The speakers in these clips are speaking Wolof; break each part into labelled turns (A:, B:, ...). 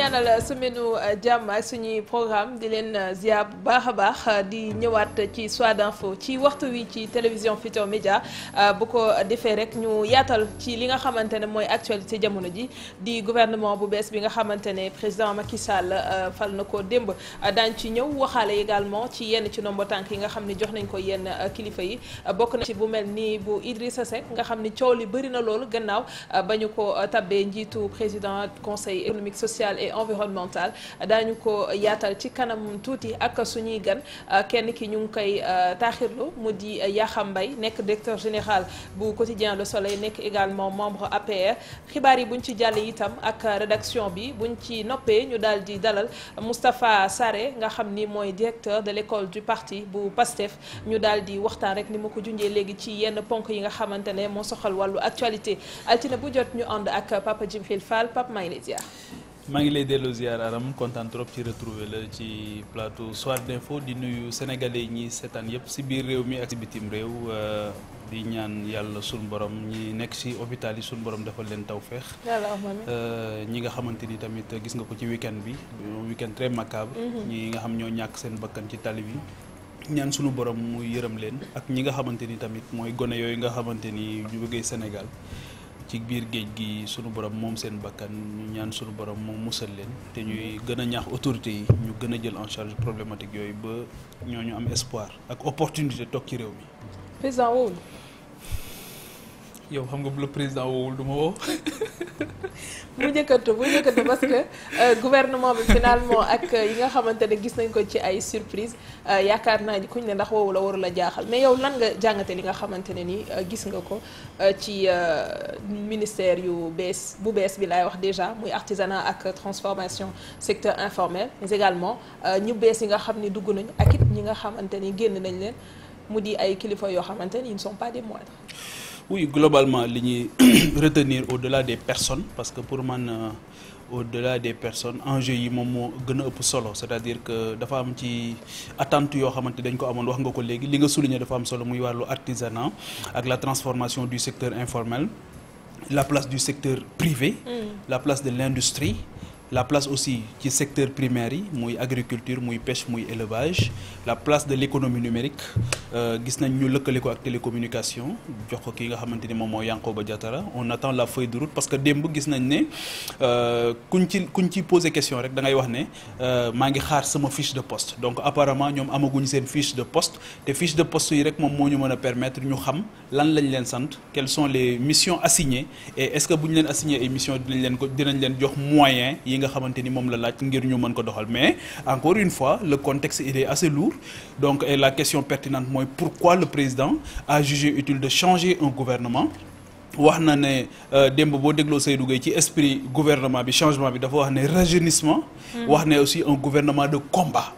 A: ñaanal semaine euh, jàmm ak suñuy programme di leen euh, ziar bu baax a baax euh, di ñëwaat ci Soir d'info ci waxtu wi ci télévision Futurs Médias bu ko defee rek ñu yaatal ci li nga xamante ne mooy ci jamono ji di gouvernement bu bees bi nga xamante ne président Macky Sall fal na ko démb daañ ci ñëw waxaale également ci yenn ci nombo tànk yi nga xam ni jox nañ ko yenn kilifa yi bokk na ci bu mel nii bu Idrissa Seck nga xam ni coow li bëri na loolu gannaaw ba ñu ko tabbee njiitu président conseil économique social conseil environnemental daañu ko yaatal ci kanam tuuti ak suñuy gan kenn ki ñu ngi koy euh, taaxirlu mu di Yakham mbay nekk directeur général bu quotidien Le Soleil nekk également membre APR xibaar yi buñ ci jàllee itam ak rédaction bi buñ ci noppee ñu daal di dalal Moustapha sare nga xam ni mooy directeur de l'école du parti bu PASTEF ñu daal di waxtaan rek ni ma ko junjee léegi ci yenn ponk yi nga xamante ne moo soxal wàllu actualité altine bu jot ñu ànd ak pap Djibril Fall Pape
B: maa ngi lay delloo ziar Aram kontaan trop ci retrouver la ci plateau Soir d'Info di nuyu sénégalais ñi seetaan yëpp si biir réew mi ak si bitim réew euh, di ñaan yàlla suñu borom ñi nekk si hôpital yi suñu borom defal leen tawféex.
A: Euh,
B: ñi nga xamante ni tamit gis nga ko ci weekend bi weekend très macabre. Mm-hmm. ñi nga xam ñoo ñàkk seen bakkan ci tali bi. ñaan sunu borom mu yërëm leen ak ñi nga xamante ni tamit mooy gone yooyu nga xamante ni ñu bëggee Sénégal. ci biir géej gi sunu borom moom seen bakkan ñu ñaan sunu borom moom musal leen te ñuy gën a ñaax autorités yi ñu gën a jël en charge problématique yooyu ba ñooñu am espoir ak opportunité toog ci réew mi. président woowu yow xam nga bu la président woowul du ma woo.
A: bu njëkkatu bu njëkkatu parce que euh, gouvernement bi finalement ak euh, yi nga xamante ne gis nañ ko ci ay surprise euh, yaakaar naa ni kuñ ne ndax woowu la waru la jaaxal mais yow lan nga jàngate li nga xamante ne nii gis nga ko ci ministère yu bees bu bees bi laay wax déjà muy artisanat ak transformation secteur informel mais également ñu bees yi nga xam ni dugg nañ ak it ñi nga xamante ni génn nañ leen mu di ay kilifa yoo xamante ni ils ne sont
B: oui globalement li ñuy retenir au-delà des personnes parce que pour man euh, au-delà des personnes enjeu yi moom moo gën a ëpp solo c'est-à-dire que dafa am ci attente yoo xamante dañ ko amoon wax nga ko léegi li nga souligné dafa am solo muy wàllu artisanat ak la transformation du secteur informel la place du secteur privé. Mm. la place de l'industrie. la place aussi ci secteur primaire yi muy agriculture muy pêche muy élevage la place de l'économie numérique euh, gis nañ ñu lëkkale ko ak télécommunication jox ko kii nga xamante ni moom moo Yankhoba Diattara on attend la feuille de route parce que démb gis nañ ne euh, kuñ ci kuñ ci posé question rek dangay wax ne euh, maa ngi xaar sama fiche de post donc apparemment ñoom amaguñ seen fiche de post te fiche de post yi rek moom moo ñu mën a permettre ñu xam lan lañ leen sant quelles sont les missions est-ce que bu ñu leen assigné ay missions dinañ leen ko dinañ leen jox moyens nga xamante ni moom la laaj ngir ñu mën ko doxal mais encore une fois le contexte il est assez lourd donc et la question pertinente mooy pourquoi le président a jugé utile de changer un gouvernement wax na ne euh, démb boo dégloo Seydou Gueye ci esprit gouvernement bi changement bi dafa wax ne rajeunissement
A: hmm. wax ne
B: aussi un gouvernement de combat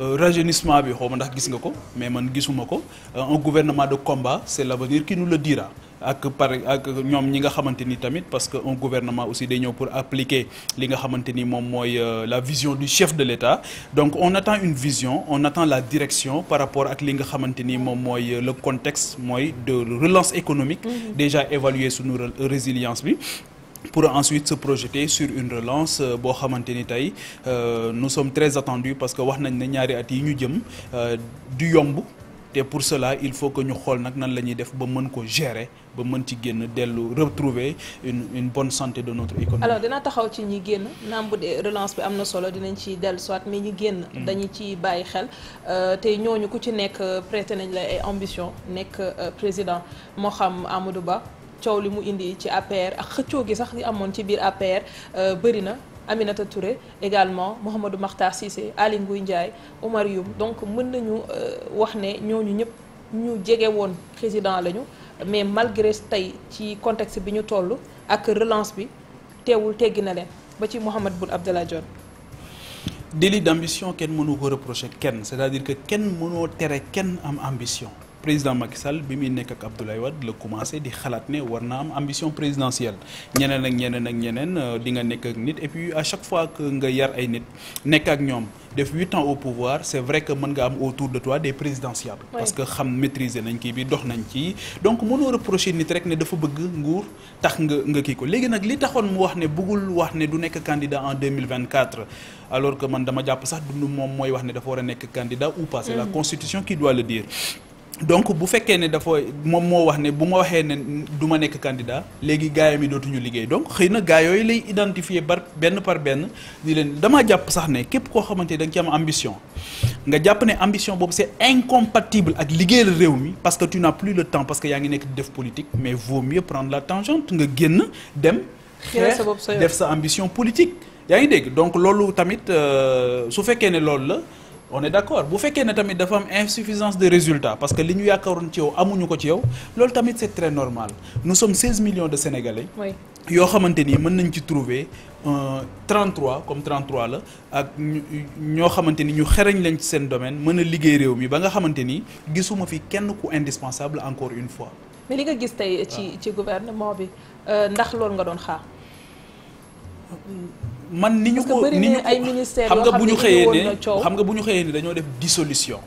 B: euh, rajeunissement bi xaw ma ndax gis nga ko mais man gisuma ko euh, un gouvernement de combat c'est l'avenir qui nous le dira ak par ak ñoom ñi nga xamante ni tamit parce que un gouvernement aussi day ñëw pour appliquer li nga xamante ni moom mooy euh, la vision du chef de l'État donc on attend une vision on attend la direction par rapport ak li nga xamante ni moom mooy euh, le contexte mooy de relance économique mm-hmm. déjà évaluer sunu résilience bi pour ensuite se projeter sur une relance euh, boo xamante ni tey nous sommes très attendus parce que wax nañ ne ñaari at yi ñu jëm du yomb te pour cela il faut que ñu xool nag nan la ñuy def ba mën ko gérer ba mën ci génn dellu retrouver une une bonne santé de notre économie.
A: alors dina taxaw ci ñi génn naam bu dee relance bi am na solo dinañ ci dellu soit mais ñi génn. Mm. dañu ci bàyyi xel euh, te ñooñu ku ci nekk euh, prêté nañ la ay ambition nekk euh, président moo xam Amadou Ba coow li mu indi ci APR ak xëccoo gi sax li amoon ci biir APR bëri na. Aminata Touré également Mouhamadou Makhtar Cissé Aly Ngouille Ndiaye Omar Youm donc mën nañu euh, wax ne ñooñu ñëpp ñu jege woon président lañu mais malgré tey ci contexte bi ñu toll ak relance bi teewul teggi na leen ba ci Mouhamed Boun Abdallah Dionne
B: délit d'ambition kenn mënu ko reprocher kenn c'est-à-dire que kenn mënoo tere kenn am ambition président Macky Sall bi muy nekk ak Abdoulaye Wade la commencé di xalaat ne war na am ambition présidentielle ñeneen ak ñeneen ak ñeneen euh, di nga nekk ak nit et puis à chaque fois que nga yar ay nit nekk ak ñoom def huit ans au pouvoir c'est vrai que mën nga am autour de toi des présidentiables parce que xam maîtriser nañ kii bi dox nañ ci donc mënoo reprocher nit rek ne dafa bëgg nguur tax nga nga kii ko léegi nag li taxoon mu wax ne bëggul wax ne du nekk candidat en 2024 alors que man dama jàpp sax dund moom mooy wax ne dafa a nekk candidat ou pas c'est mm. la constitution qui doit donc bu fekkee ne dafa moom moo wax ne bu ma waxee ne du ma nekk candidat léegi gaayam yi dootuñu liggéey donc xëy na gaa yooyu lay identifier bar benn par benn di leen damaa jàpp sax ne képp koo xamante da nga ci am ambition nga jàpp ne ambition boobu c'est incompatible ak liggéeyal réew mi parce que tu n'as plus le temps parce que yaa ngi nekk def politique mais vaut mieux prendre la tangente nga génn dem xeex def sa ambition politique yaa ngi dégg donc loolu tamit euh, su fekkee ne loolu la on est d'accord bu fekkee ne tamit dafa am insuffisance de résultats parce que li ñu yaakaaroon ci yow amuñu ko ci yow loolu tamit c'est très normal nous sommes 16 millions de Sénégalais. yoo xamante ni mën nañ ci trouver 33 comme 33 la ak ñoo xamante ni ñu xereñ lañ ci seen domaine mën a liggéey réew mi ba nga xamante ni gisuma fi kenn ku indispensable encore une fois.
A: mais li nga gis tey ci ah. ci bi euh, ndax loolu nga doon xaar.
B: man ni ñu ko ni ñu ay
A: ministères xam nga bu ñu xëyee ne xam nga
B: bu ñu xëyee ne dañoo def dissolution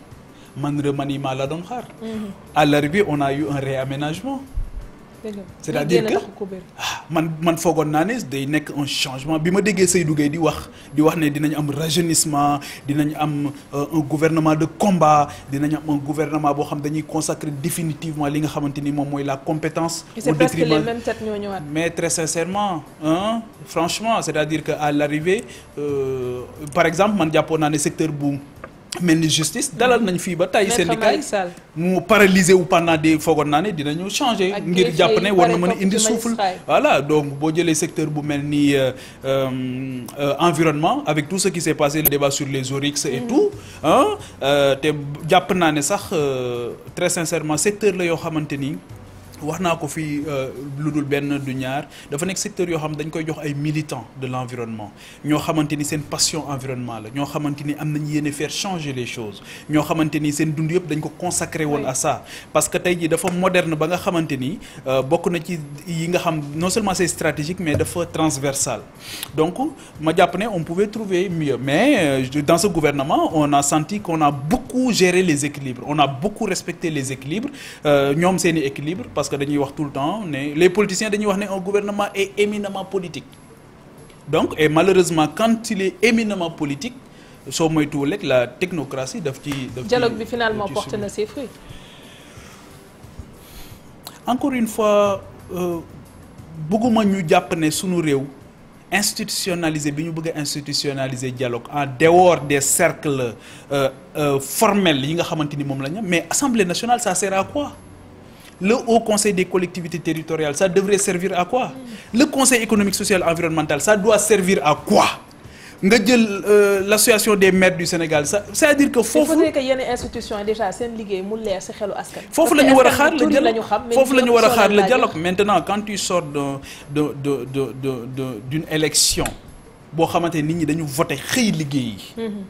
B: man remaniement la doon xaar. Mhm. à l'arrivée on a eu un réaménagement. c'est-à-dire que ah man man foogoon naa ne day nekk un changement bi ma déggee Seydou Gueye di wax di wax ne dinañ am rajeunissement dinañ am euh, un gouvernement de combat dinañ am un gouvernement boo xam dañuy consacrer définitivement li nga xamante ni moom mooy la compétence. au détriment mais très sincèrement hein, franchement c'est-à-dire que à l'arrivée euh, par exemple man jàppoon naa ne secteur bu. mel ni justice dalal nañ fii ba tay syndicat yi mu paralysé wu pendant des foogoon naa ne dinañu changé ngir jàpp ne war na mën a indi souffle voilà donc boo jëlee secteur bu mel nii euh, euh, environnement avec tout ce qui s'est passé le débat sur les oryx et mm-hmm. tout euh, te jàpp naa ne sax très sincèrement secteur la yoo xamante ni wax naa ko fi euh, lu dul benn du ñaar dafa nekk secteur yoo xam dañ koy jox ay militants de l' environnement ñoo xamante ni seen passion environnement la ñoo xamante ni am nañ yéene faire changer les choses ñoo xamante ni seen dund yëpp dañ ko consacré woon à ça parce que tey jii dafa moderne ba nga xamante ni euh, bokk na ci yi nga xam non seulement c'est stratégique mais dafa transversal donc ma jàpp ne on pouvait trouver mieux mais euh, dans ce gouvernement on a senti qu'on a beaucoup géré on a beaucoup respecté les équilibres ñoom seen i que dañuy wax tout le temps ne les politiciens dañuy wax ne un gouvernement est éminemment politique donc et malheureusement quand il est éminemment politique soo moytuwul rek la technocratie daf ci daf ci dialogue bi finalement porte na ses fruits. encore une fois euh, bëgguma ñu jàpp ne sunu réew institutionnaliser bi ñu bëgg a institutionnaliser dialogue en dehors des cercles euh, euh, formels yi nga xamante ni moom la ñu mais assemblée nationale ça sert quoi. le haut conseil des collectivité territoriales ça devrait servir à quoi le conseil économique social environnemental sa doit servir à quoi nga jël euh, l'association des maire du Sénégal ça sa à dire que foofu. il faudrait
A: que yenn institutions yi déjà seen liggéey mu leer ci xelu askan. foofu la ñu war a xaar la dialogue foofu la ñu war a xaar la dialogue
B: maintenant quand tu sors de de de de du de d'une élection boo xamante nit ñi dañu voté xëy liggéey yi. Mhm.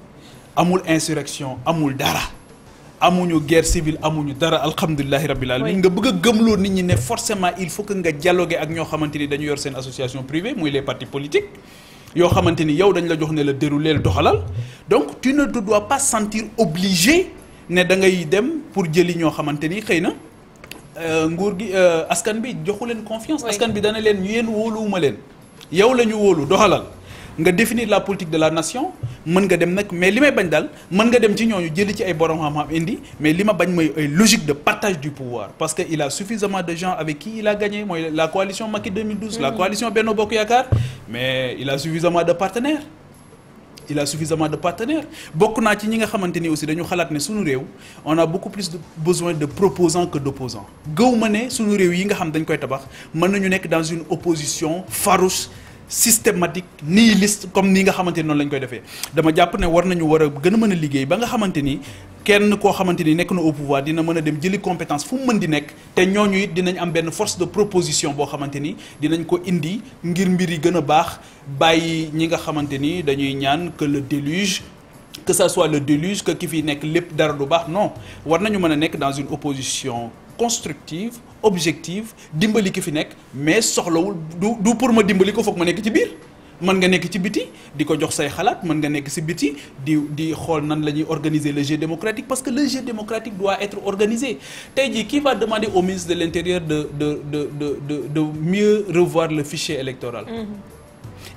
B: amul insurrection amul dara. amuñu guerre civile amuñu dara alhamdulilahi rabbil alamin nga bëgg a gëmloo nit ñi ne forcément il faut que nga dialoguer ak ñoo xamante ni dañu yor seen association privée muy les partis politiques yoo xamante ni yow dañu la jox ne la dérouleel doxalal donc tu ne te dois pas sentir obligé ne dangay dem pour jëli ñoo xamante ni xëy na euh, nguur gi euh, askan bi joxu leen confiance askan bi dana leen ñu yéen wóoluwuma leen yow la ñu wóolu doxalal nga définir la politique de la nation mën nga dem nag mais li may bañ daal mën nga dem ci ñooñu jëli ci ay borom xam-xam indi mais li ma bañ mooy ay logique de partage du pouvoir parce que il a suffisamment de gens avec qui il a gagné mooy la coalition Macky 2012 la mm. coalition Benno Bokk Yaakaar mais il a suffisamment de partenaires il a suffisamment de partenaire bokk naa ci ñi nga xamante ni aussi dañu xalaat ne suñu réew on a beaucoup plus de besoin de proposants que ma ne suñu réew yi nga xam dañ koy tabax mën nañu nekk dans une opposition farouche systématique nihiliste comme nii nga xamante ni noonu la ñu koy defee dama jàpp ne war nañu war a gën a mën a liggéey ba nga xamante ni kenn koo xamante ni nekk na au pouvoir dina mën a dem jëli compétence fu mën di nekk te ñooñu it dinañ am benn force de proposition boo xamante ni dinañ ko indi ngir mbir yi gën a baax bàyyi ñi nga xamante ni dañuy ñaan que le déluge. que ça soit le déluge que ki fi nekk lépp dara du baax no war nañu mën a nekk dans une opposition constructive objective dimbali ki fi nekk mais soxlawul du du pour ma dimbali ko foog ma nekk ci biir mën nga nekk ci biti di ko jox say xalaat mën nga nekk si biti di di xool nan la ñuy organiser le jeu démocratique parce que le jeu démocratique doit être organisé tey ji qui va demander au ministre de l'intérieur de de de de de de mieux revoir le fichier électoral. Mmh.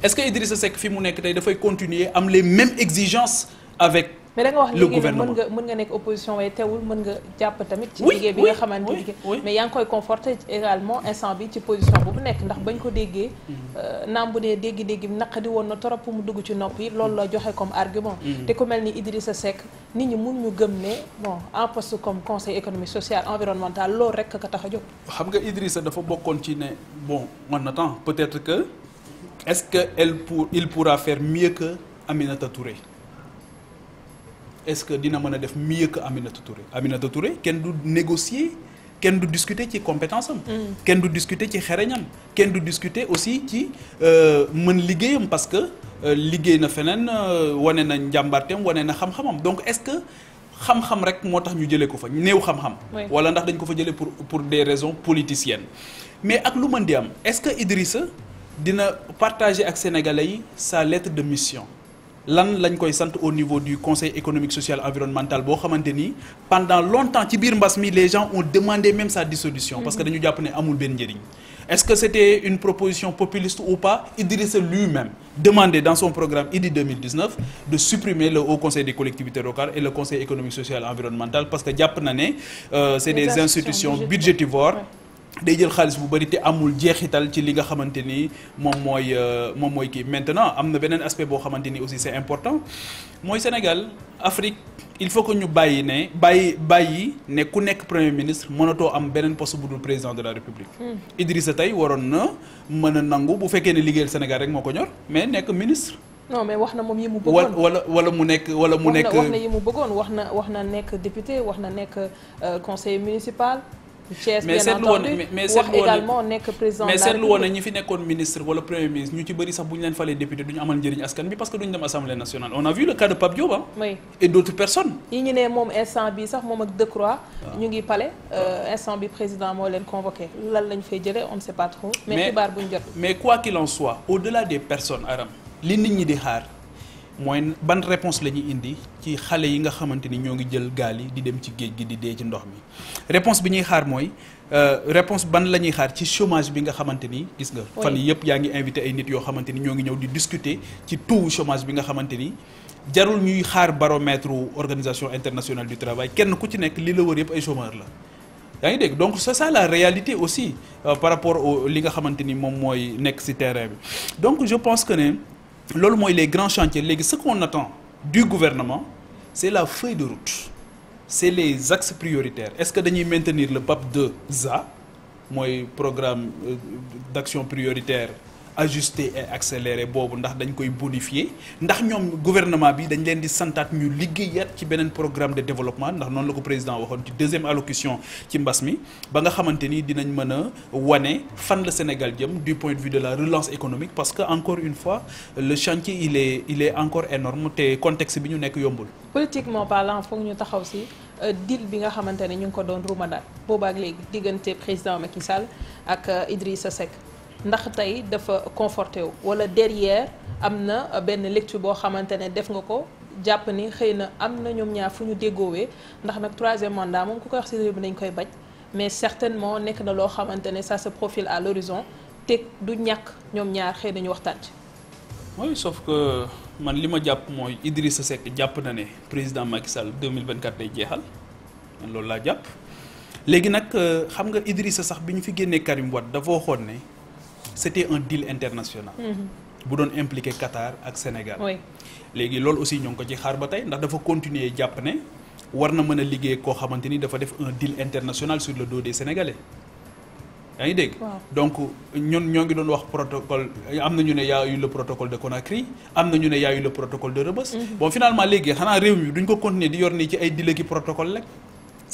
B: est-ce que Idrissa Seck fi mu nekk tey dafay continuer am les mêmes exigences avec.
A: mais da wax léegi mën nga mën nga nekk opposition waaye tewul mën nga jàpp tamit ci liggéey bi nga xamante ni mais yaa ngi koy conforté également instant bi ci position bu nekk ndax bañ ko déggee mhm. euh, naam bu dee dégg-dégg bi naq di woon na trop mu dugg ci nopp yi loolu la joxe comme argument mhm. te ku mel ni Idrissa Seck nit ñi mun ñu gëm ne bon en poste comme conseil économique social environnemental loolu rek ka
B: tax a jóg xam nga Idrissa dafa bokkoon ci ne bon on attend peut-être que est-ce que elle pour il pourra faire mieux que Aminata Touré est-ce que dina mën a def mieux que Aminata Touré Aminata Touré kenn du négocier kenn du discuter ci compétence am. Mm. kenn du discuter ci xereñam kenn du discuter aussi ci euh, mën liggéeyam parce que euh, liggéey na feneen euh, wane na njàmbarteem wane na xam-xamam donc est-ce que xam-xam rek moo tax ñu jëlee ko fa néew xam-xam. wala ndax dañ ko fa jëlee pour pour des raisons politiciennes. mais ak lu mën di am est-ce que Idrissa dina partager ak sénégalais yi sa lettre de mission. lan lañ koy sant au niveau du conseil économique social environnemental boo xamante ni pendant longtemps ci biir mbas mi les gens ont demandé même sa dissolution parce que mhm. dañu jàpp ne amul benn njëriñ est-ce que c'était une proposition populiste ou pas Idrissa lui-même demandait dans son programme IDI 2019 de supprimer le haut conseil des collectivités locales et le conseil économique social environnemental parce que jàpp na ne euh, c'est des institutions day jël xaalis bu bari te amul jeexital ci li nga xamante ni moom mooy euh, moom mooy kii maintenant am na beneen aspect boo xamante ni aussi c'est important mooy Sénégal Afrique il faut que ñu bàyyi ne bàyyi bàyyi ne ku nekk premier ministre mënatoo am beneen poste bu dul président de la république. Hmm. Idrissa tey waroon na mën a nangu bu fekkee ne liggéeyal Sénégal rek moo ko ñor mais nekk ministre.
A: non mais wax na moom yi mu bëggoon wala
B: wala mu nekk wala mu nekk. wax
A: na wax na wax na wax na nekk député wax na nekk euh, conseiller municipal. Thiès mais seetlu woon mais seetlu woon également nekk président mais
B: ñi fi nekkoon ministre wala premier ministre ñu ci bëri sax bu ñu leen falee député du ñu amal njëriñ askan bi parce que du ñu dem assemblée nationale on a vu le cas de Pape Diop ah. et d' personnes.
A: yi ñu ne moom instant bi sax moom ak Decroix. Ah. ñu ngi pale euh, instant bi président moo leen convoqué lan lañu fay jëlee on ne sait pas trop. mais
B: xibaar bu ñu jot mais quoi qu'il en soit au delà des personnes Aram li nit ñi di xaar. mooy ban réponse la ñuy indi ci xale yi nga xamante ni ñoo ngi jël gaal yi di dem ci géej gi di dee ci ndox mi réponse bi ñuy xaar mooy euh, réponse ban la ñuy xaar ci chômage bi nga xamante ni gis nga fan yi yëpp yaa ngi invité ay nit yoo xamante ni ñoo ngi ñëw di discuté ci taux chômage bi nga xamante ni jarul ñuy xaar baromètre organisation internationale du travail kenn ku ci nekk li la wër yëpp ay chômeur la yaa ngi dégg donc c'est ça la réalité aussi euh, par rapport au li nga xamante ni moom mooy nekk bi donc je pense que ne loolu mooy les grands chantiers léegi ce qu'on attend du gouvernement c'est la feuille de route c'est les axes prioritaires est-ce que dañuy maintenir le PAP 2 za mooy programme euh, d'action prioritaire ajuster et accélérer boobu ndax dañ koy bonifier ndax ñoom gouvernement bi dañ leen di santaat ñu liggéey liggéeyaat ci beneen programme de développement ndax noon la ko président waxoon ci deuxième allocution ci mbas mi ba nga xamante ni dinañ mën a wane fan la Sénégal jëm du point de vue de la relance économique parce que encore une fois le chantier il est encore énorme te contexte bi ñu nekk yombul.
A: politiquement parlant foog ñu taxaw si euh, deal bi nga xamante ne ñu ngi ko doon rumandaat boobaak léegi diggante président Macky Sall ak euh, Idrissa Seck. ndax tey dafa conforté wu wala derrière am na benn lecture boo xamante ne def nga ko jàpp ni xëy na am na ñoom ñaar fu ñu déggoowee ndax nag troisième mandat moom ku koy wax ci réew bi dañ koy bañ mais certainement nekk na loo xamante ne sa profile à l'horizon te du ñàkk ñoom ñaar xëy na waxtaan ci.
B: mooy sauf que man li ma jàpp mooy Idrissa Seck jàpp na ne président Macky Sall 2024 day jeexal man loolu laa jàpp léegi nag euh, xam nga Idrissa sax bi ñu fi génnee Karim Wade dafa waxoon ne. c'était un deal international. Mm-hmm. bu doon impliqué Qatar ak Sénégal. léegi loolu aussi ñoo ngi ko ci xaar ba tey ndax dafa continuer jàpp ne war na mën a liggéey koo xamante ni dafa def un deal international sur le dos des Sénégalais. yaa ngi dégg. donc ñun ñoo ngi doon wax protocole am na ñu ne y a eu de Conakry am na ñu ne y a eu le protocole de Rebeuss. Mm-hmm. bon finalement léegi xanaa réew mi duñ ko continuer di yor nii ci ay deal ki protocole rek.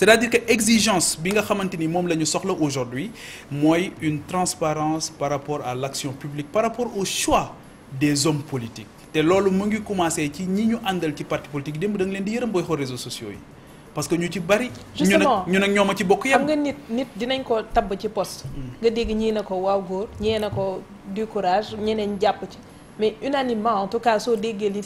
B: c'est-à-dire que exigence bi nga xamante ni moom la ñu soxla aujourd'hui mooy une transparence par rapport à l'action publique par rapport au choix des hommes politiques te loolu mu ngi commencé ci ñi ñu àndal ci parti politique démb da nga leen di yërëm booy xool réseaux sociaux yi parce que ñu ci bari. justement ñu nag ñoom a ci bokk yam xam nga nit nit dinañ
A: ko tabb ci poste. Mm. nga dégg ñii na ko waaw góor ñee na ko du courage ñeneen jàpp ci mais unanimement en tout cas soo déggee li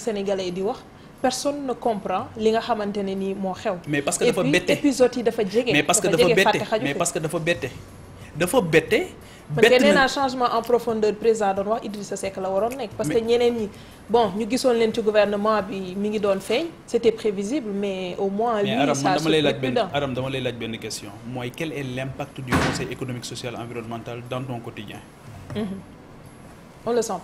A: personne ne comprend li nga xamante ne nii moo xew. mais parce que dafa bette épisode yi dafa jege. mais parce que dafa bette mais
B: parce que dafa bette. dafa bette. bett
A: changement en profondeur président doon wax Idrissa Seck la waroon nekk. parce que ñeneen ñi bon ñu gisoon leen ci gouvernement bi mi ngi doon feeñ. c'était prévisible mais au moins. lii saa su benn
B: Aram dama lay laaj benn question. mooy quel est l'impact du conseil économique social environnemental dans ton quotidien.
A: Mhm. on le sent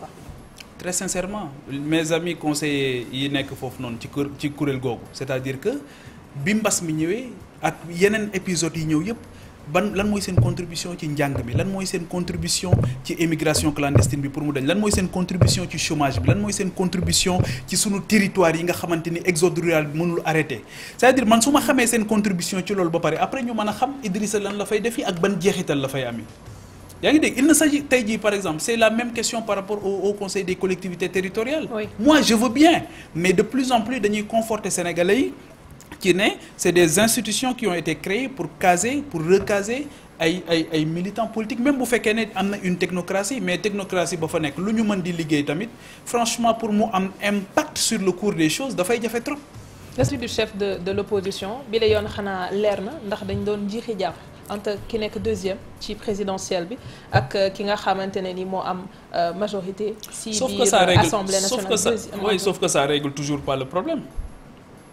B: très sincèrement mes ami conseillers yi nekk foofu noonu ci kur ci kuréel googu c'est-à-dire que bi mbas mi ñëwee ak yeneen épisodes yi ñëw yëpp ban lan mooy seen contribution ci njàng mi lan mooy seen contribution ci émigration clandestine bi pour mu dañ lan mooy seen contribution ci chômage bi lan mooy seen contribution ci sunu territoire yi nga xamante ni exode rural bi mënul arrêté c'est-à-dire man su ma xamee seen contribution ci loolu ba pare après ñu mën a xam Idrissa lan la fay def yi ak ban jeexital la fay amee. yaa ngi de il ne s'agit tey ji par exemple c'est la même question par rapport au, au conseil des collectivités territoriales oui. moi je veux bien mais de plus en plus dañuy conforter sénégalais yi ci ne c'est des institutions qui ont été créées pour caser pour recaser ay ay ay militants politiques même bu fekkee ne am na une technocratie mais technocratie ba fa nekk lu ñu mën di liggéey tamit franchement pour mu am impact sur le cours des choses dafay jafe trop. la suite du
A: chef de de bi la yoon xanaa leer na ndax dañ doon jiixi jàpp. entre ki nekk deuxième ci présidentielle bi ak euh, ki nga xamante ne ni moo am euh, majorité. si biir assemblée nationale sauf que ça règle
B: sauf que ça règle toujours pas le problème.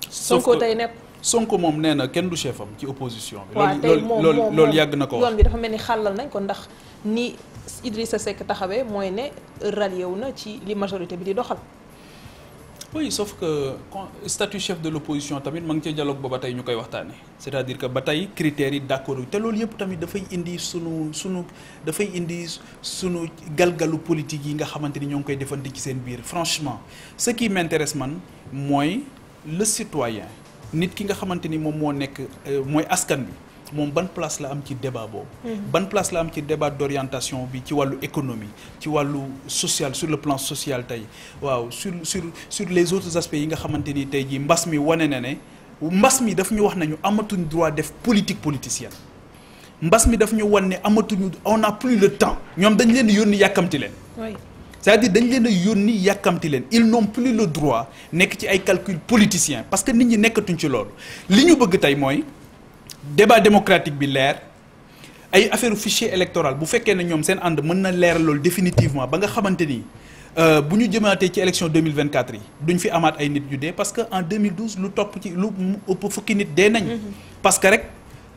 B: Sonko tey nekk. Sonko moom nee na kenn du chef am ci opposition bi. waaw loolu loolu yàgg na ko wax. yoon bi
A: dafa mel ni xàllal nañ ko ndax ni Idrissa Seck taxawee mooy ne rallié wu na ci li majorité bi di doxal.
B: oui sauf que statut chef de l'opposition tamit ma ngi ci dialogue ba ba tey ñu koy waxtaane c'est-à-dire que ba tey critères yi d'accord te loolu yëpp tamit dafay indi sunu sunu dafay indi sunu galgalu politique yi nga xamante ni ñoo ngi koy defante ci seen biir franchement ce qui m'intéresse man mooy le citoyen nit ki nga xamante ni moom moo nekk euh, mooy askan bi moom ban place la am ci débat boobu. Mhm. ban place la am ci débat d'orientation bi ci wàllu économie ci wàllu sociale sur le plan social tey waaw sur sur sur les autres aspects yi nga xamante ni tey jii mbas mi wane na ne mbas mi daf ñu wax nañu amatuñ droit def politique politicienne mbas mi daf ñu wan ne amatuñu on a plus le temps ñoom dañ leen di yónni yàkkamti leen. cest dire dañ leen yónni yàkkamti leen ils n'ont plus le droit nekk ci ay calcule politicien parce que nit ñi nekkatuñ ci loolu li ñu bëgg tey mooy. débat démocratique bi leer ay affaire fichier électoral bu fekkee ne ñoom seen ànd mën na leer loolu définitivement ba nga xamante ni euh, bu ñu jëmaatee ci élection 2024 yi duñ fi amaat ay nit yu dee parce que en 2012 lu topp ci lu ëpp fukki nit dee nañ. Mm-hmm. parce que rek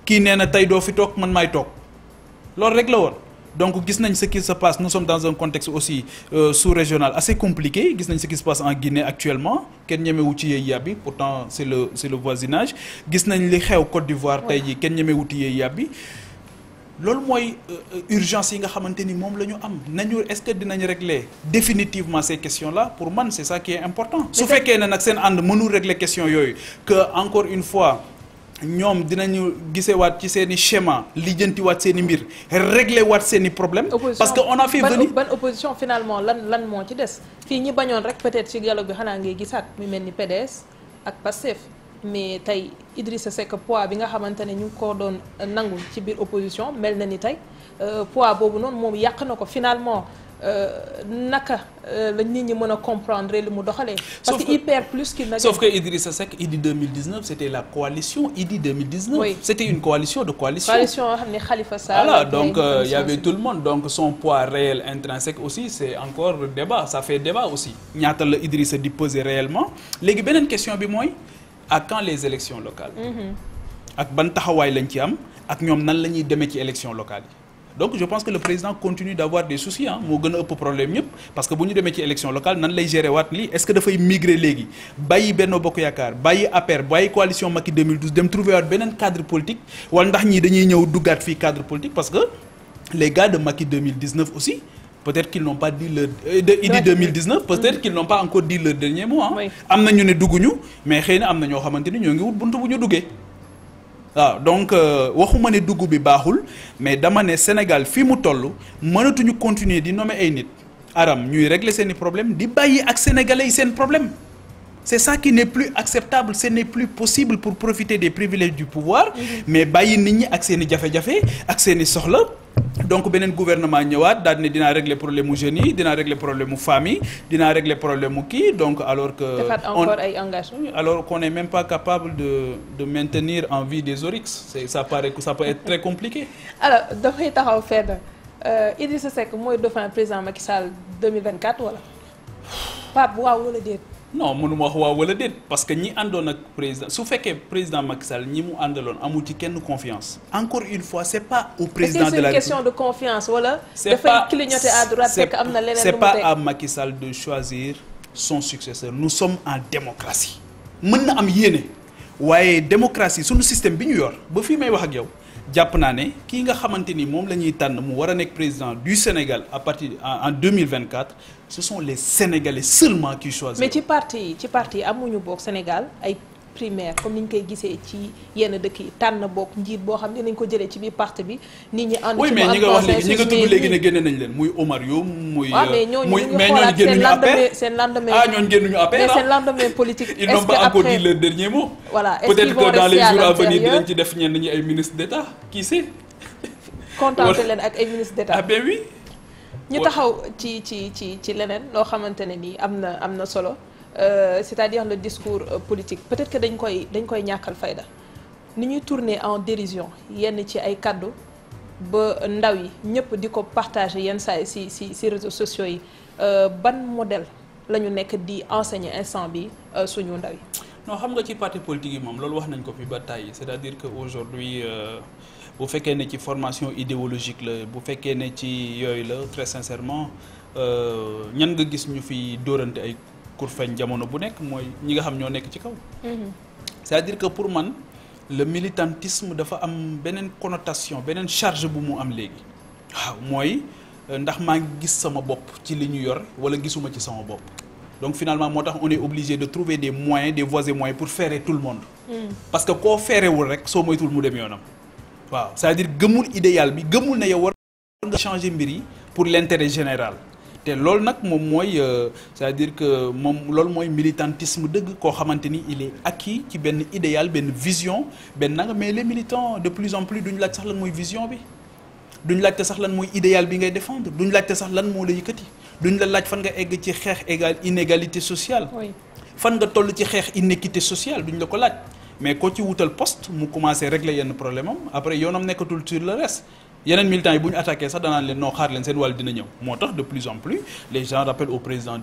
B: kii nee na tey doo fi toog man maay toog loolu rek la woon. donc gis nañ ce qui se passe nous sommes dans un contexte aussi euh, sous-régional assez compliqué gis nañ ce qui se passe en Guinée actuellement kenn ñemewu ci yee yàbbi pourtant c'est le c'est le voisinage gis nañ li xew Côte d'Ivoire tey jii kenn ñemewu ci yee yàbbi loolu mooy euh, euh, urgence yi nga xamante ni moom la ñu am nañu est-ce que dinañ régler définitivement ces questions la pour man c'est ça qui est important su fekkee ne nag seen ànd mënul régler question yooyu que encore une fois ñoom dinañu waat ci seen i schéma lijjantiwaat seen i mbir réglé waat seeni i problème parce que on a fait ba ban
A: opposition finalement lan moo ci des fii ñi bañoon rek peut-être ci dialogue bi xanaa ngay gisaat mu mel ni PDS ak Pastef mais tey Idrissa Seck poids bi nga xamante ne ñu ngi ko doon nangu ci biir opposition mel na ni tey euh, poids boobu noonu moom yàq na ko finalement Euh, naka euh, la nit ñi mën a comprendre li mu doxalee. parce que hyper plus qu'il n'a sauf que
B: Idrissa Seck Idy 2019 c' était la coalition Idy 2019. oui c' était une coalition de coalition. coalition
A: yoo xam ne Khalifa Sall. donc euh, y avait tout
B: le monde donc son poids réel intrinsèque aussi c' est encore débat ça fait débat aussi. ñaata la Idrissa di poser réellement léegi beneen question bi mooy à quand les élections locales. Mm-hmm. ak ban taxawaay lañ ci am ak ñoom nan la ñuy demee ci élections locales yi. donc je pense que le président continue d'avoir des soucis ah moo gën a ëpp problème ñëpp parce que bu ñu demee ci élection locale nan lay gérer waat lii est-ce que dafay migrer léegi bàyyi Benno Bokk Yaakaar bàyyi APR bàyyi coalition Macky 2012 dem trouver waat beneen cadre politique wala ndax ñii dañuy ñëw duggaat fii cadre politique parce que les gars de Macky 2019 aussi peut-être qu'ils n'ont pas dit euh, de Idy peut-être qu'ils n'ont pas encore dit na am na ñoo xamante ni ñoo ngi waaw ah, donc euh, waxuma ne dugg bi baaxul mais dama ne Sénégal fi mu toll mënatuñu continuer di nommer ay nit aram ñuy régler seeni problème di bàyyi ak sénégalais yi seen problème c'est ça qui ne plus acceptable ce n'est plus possible pour profiter des privilèges du pouvoir mm-hmm. mais bàyyi nit ñi ak seeni jafe-jafe ak seeni soxla donc beneen gouvernement ñëwaat daal ne dinaa régler problème mu jeunes dina dinaa régler problème mu femmes dina dinaa régler problème mu kii donc alors que. defaat encore
A: ay engagements.
B: alors qu'on n'est même pas capable de de maintenir en vie des oryx c'est ça paraît que ça peut être très compliqué.
A: alors dafay taxaw fenn euh, Idrissa Seck mooy dauphin président Macky Sall 2024 wala Pape waaw wala déet.
B: non mënuma wax waaw wala déet parce que ñi àndoon ak président su fekkee président Macky Sall ñi mu àndaloon amu ci kenn confiance. encore une fois c' est pas au président de la. c' est une question de
A: confiance wala. c' est pas dafay clignoter à droite fekk am na leneen lu mu teg c' à
B: Macky de choisir son successeur nous sommes en démocratie. mën na am yéene waaye démocratie sunu système bi ñu yor ba fii may wax ak yow. jàpp naa ne kii nga xamante ni moom la ñuy tànn mu war a nekk président du Sénégal à partir en 2024 ce sont les Sénégalais seulement qui choisissent. mais ci
A: parti yi ci parti yi amuñu boog Sénégal ay primaire comme ni ñu koy gisee ci yenn dëkk yi tànn bokk njiit boo xam ne nañ ko jëlee ci biir parti bi nit ñi ànd ci mais ñi nga wax léegi ñi nga tudd léegi ne
B: génne nañ leen muy Omar Youm muy ah, mais ñooñu génnuñu après
A: seen lendemain ah ñooñu ah. seen lendemain politique ils n'ont pas encore dit leur dernier mot voilà peut-être que dans les jours à venir dinañ
B: ci def ñenn ñi ay ministre d'État qui sait
A: contenté leen ak ay ministre d'État ah, ñu taxaw ci ci ci ci leneen loo xamante ne nii am na am na solo Euh, c'est-à-dire le discours euh, politique peut-être que dañ koy dañ koy ñàkkal fayda ni ñuy tourner en dérision yenn ci ay kàddu ba ndaw yi ñëpp di ko partager yenn saa yi si si si réseaux sociaux yi euh, ban modèle la ñu nekk di enseigner instant bi suñu ndaw yi.
B: non xam nga ci parti politique yi moom loolu wax nañ ko fi ba tàyyi c'est-à-dire que aujourd'hui bu fekkee ne ci formation idéologique la bu fekkee ne ci yooyu la très sincèrement ñan nga gis ñu fi dóorante ay. pour kurfeñ jamono bu nekk mooy ñi nga xam ñoo nekk ci kaw mhm. c'est-à-dire que pour man le militantisme dafa am beneen connotation beneen charge bu mu am léegi waaw mooy euh, ndax maa ngi gis sama bopp ci li ñu yor wala gisuma ci sama bopp donc finalement moo tax on est obligé de trouver des moyens de voies et moyens pour ferrer tout le monde mhm. parce que koo ferrewul rek soo moytul mu dem yoonam waaw c'est-à-dire gëmul idéal bi gëmul na yow war nga mbir yi pour l'intérêt général te loolu nag moom mooy euh, c'est-à-dire que moom loolu mooy militantisme dëgg koo xamante ni il est acquis ci benn idéal benn vision benn nanga mais les militants de plus en plus duñ laaj sax lan mooy vision bi duñ laajte sax lan mooy idéal bi ngay défendre duñ laajte sax lan moo la yëkkati duñ la laaj fan nga egg ci xeex égal inégalité sociale fan nga toll ci xeex inéquité sociale duñ la ko laaj mais koo ci wutal poste mu commencé régler yenn problème am après yoonam nekkatul sur yeneen militants yi bu ñu attaqué sax danaan leen noo xaar leen seen wàll dina ñëw moo tax de plus en plus les gens rappellent au président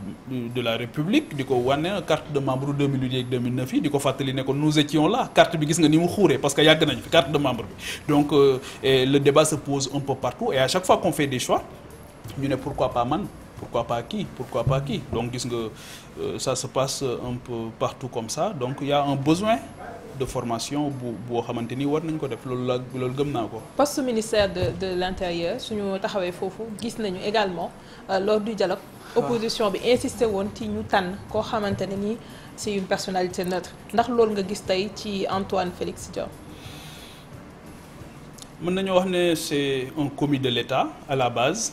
B: de la république di ko wane carte de membre 2008 ak 2009 yi di ko fàttali ne ko nous étions là carte bi gis nga ni mu xuuree parce que yàgg nañ fi carte de membre bi donc euh, le débat se pose un peu partout et à chaque fois qu'on fait des choix ñu ne pourquoi pas man pourquoi pas qui pourquoi pas qui donc gis nga euh, ça se un peu partout comme donc il y a un de formation bu boo xamante ni war nañ ko def loolu la loolu gëm naa ko.
A: poste ministère de de l'intérieur suñu taxawee foofu gis nañu également euh, lors du dialogue. Ah. opposition bi insisté woon ci ñu tànn koo xamante ne ni c'est une personnalité neutre ndax loolu nga gis tey ci Antoine Félix Diome.
B: mën nañoo wax ne c'est un commis de l'État à la base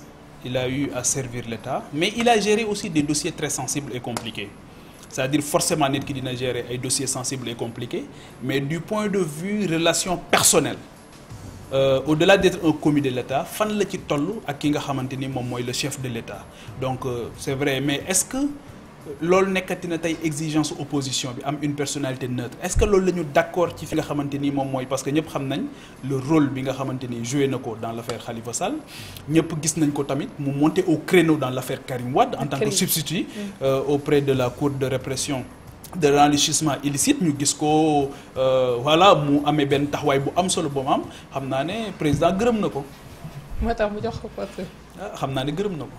B: il a eu à servir l'État mais il a géré aussi des dossiers très sensibles et compliqués. c'est-à-dire forcément nit ki dina gérer ay dossiers sensibles et compliqués mais du point de vue relation personnelle euh, au-delà d'être un commis de l'État fan la ci toll ak ki nga xamante ni moom mooy le chef de l'État donc euh, c'est vrai mais est-ce que loolu nekkati na tey exigence opposition bi am une personnalité neutre est-ce que loolu la ñu d'accord ci fi nga xamante ni moom mooy parce que ñëpp xam nañ le rôle bi nga xamante ni joué na ko dans l'affaire Khalifa Sall ñëpp gis nañ ko tamit mu monté au créneau dans l'affaire Karim Wade en tant que substitut mm. euh, auprès de la cour de répression de l'enrichissement illicite ñu gis ko euh, voilà mu amee benn taxawaay bu am solo boobu am xam naa ne président gërëm na ko
A: moo mu jox ko porte ah,
B: xam naa ne gërëm na ko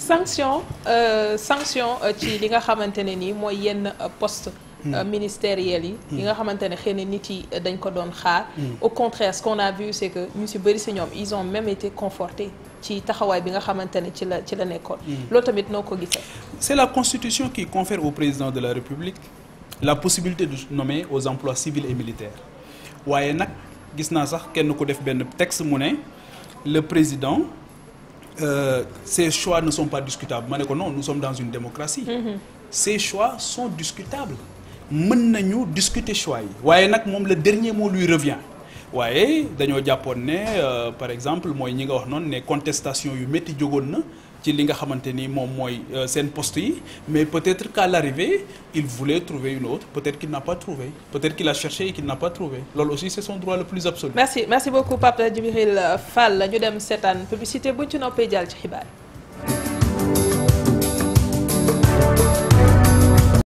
A: sanction euh, sanction euh, ci li nga xamante ne nii mooy yenn euh, poste euh, hmm. ministériels yi. Hmm. yi nga xamante ne xëy na nit yi dañ ko doon xaar. Hmm. au contraire ce qu'on a vu c'est que ñu si bëri si ñoom ils ont même été confortés ci taxawaay bi nga xamante ne ci la ci la nekkoon. loolu tamit noo ko gisee.
B: c'est la constitution qui confère au président de la république la possibilité de nommer aux emplois civils et militaires waaye nag gis naa sax kenn ku def benn texte mu ne le président. euh, ces choix ne sont pas discutables ma ne ko non nous sommes dans une démocratie mm -hmm. ces choix sont discutables mën nañu discuter choix yi waaye nag moom la dernier mot lui revient waaye dañoo jàppoon ne euh, par exemple mooy ñi nga wax noonu ne contestation yu métti jógoon na ci li nga xamante ni moom mooy euh, seen post yi mais peut-être qu'à l'arrivée il voulait trouver une autre peut-être qu'il n'a pas trouvé peut-être qu'il a cherché et qu'il n'a pas trouvé loolu aussi c'est son droit le plus absolu.
A: merci merci beaucoup Pape Djibril Fall ñu dem seetaan publicité buñ ci noppee jàll ci xibaar.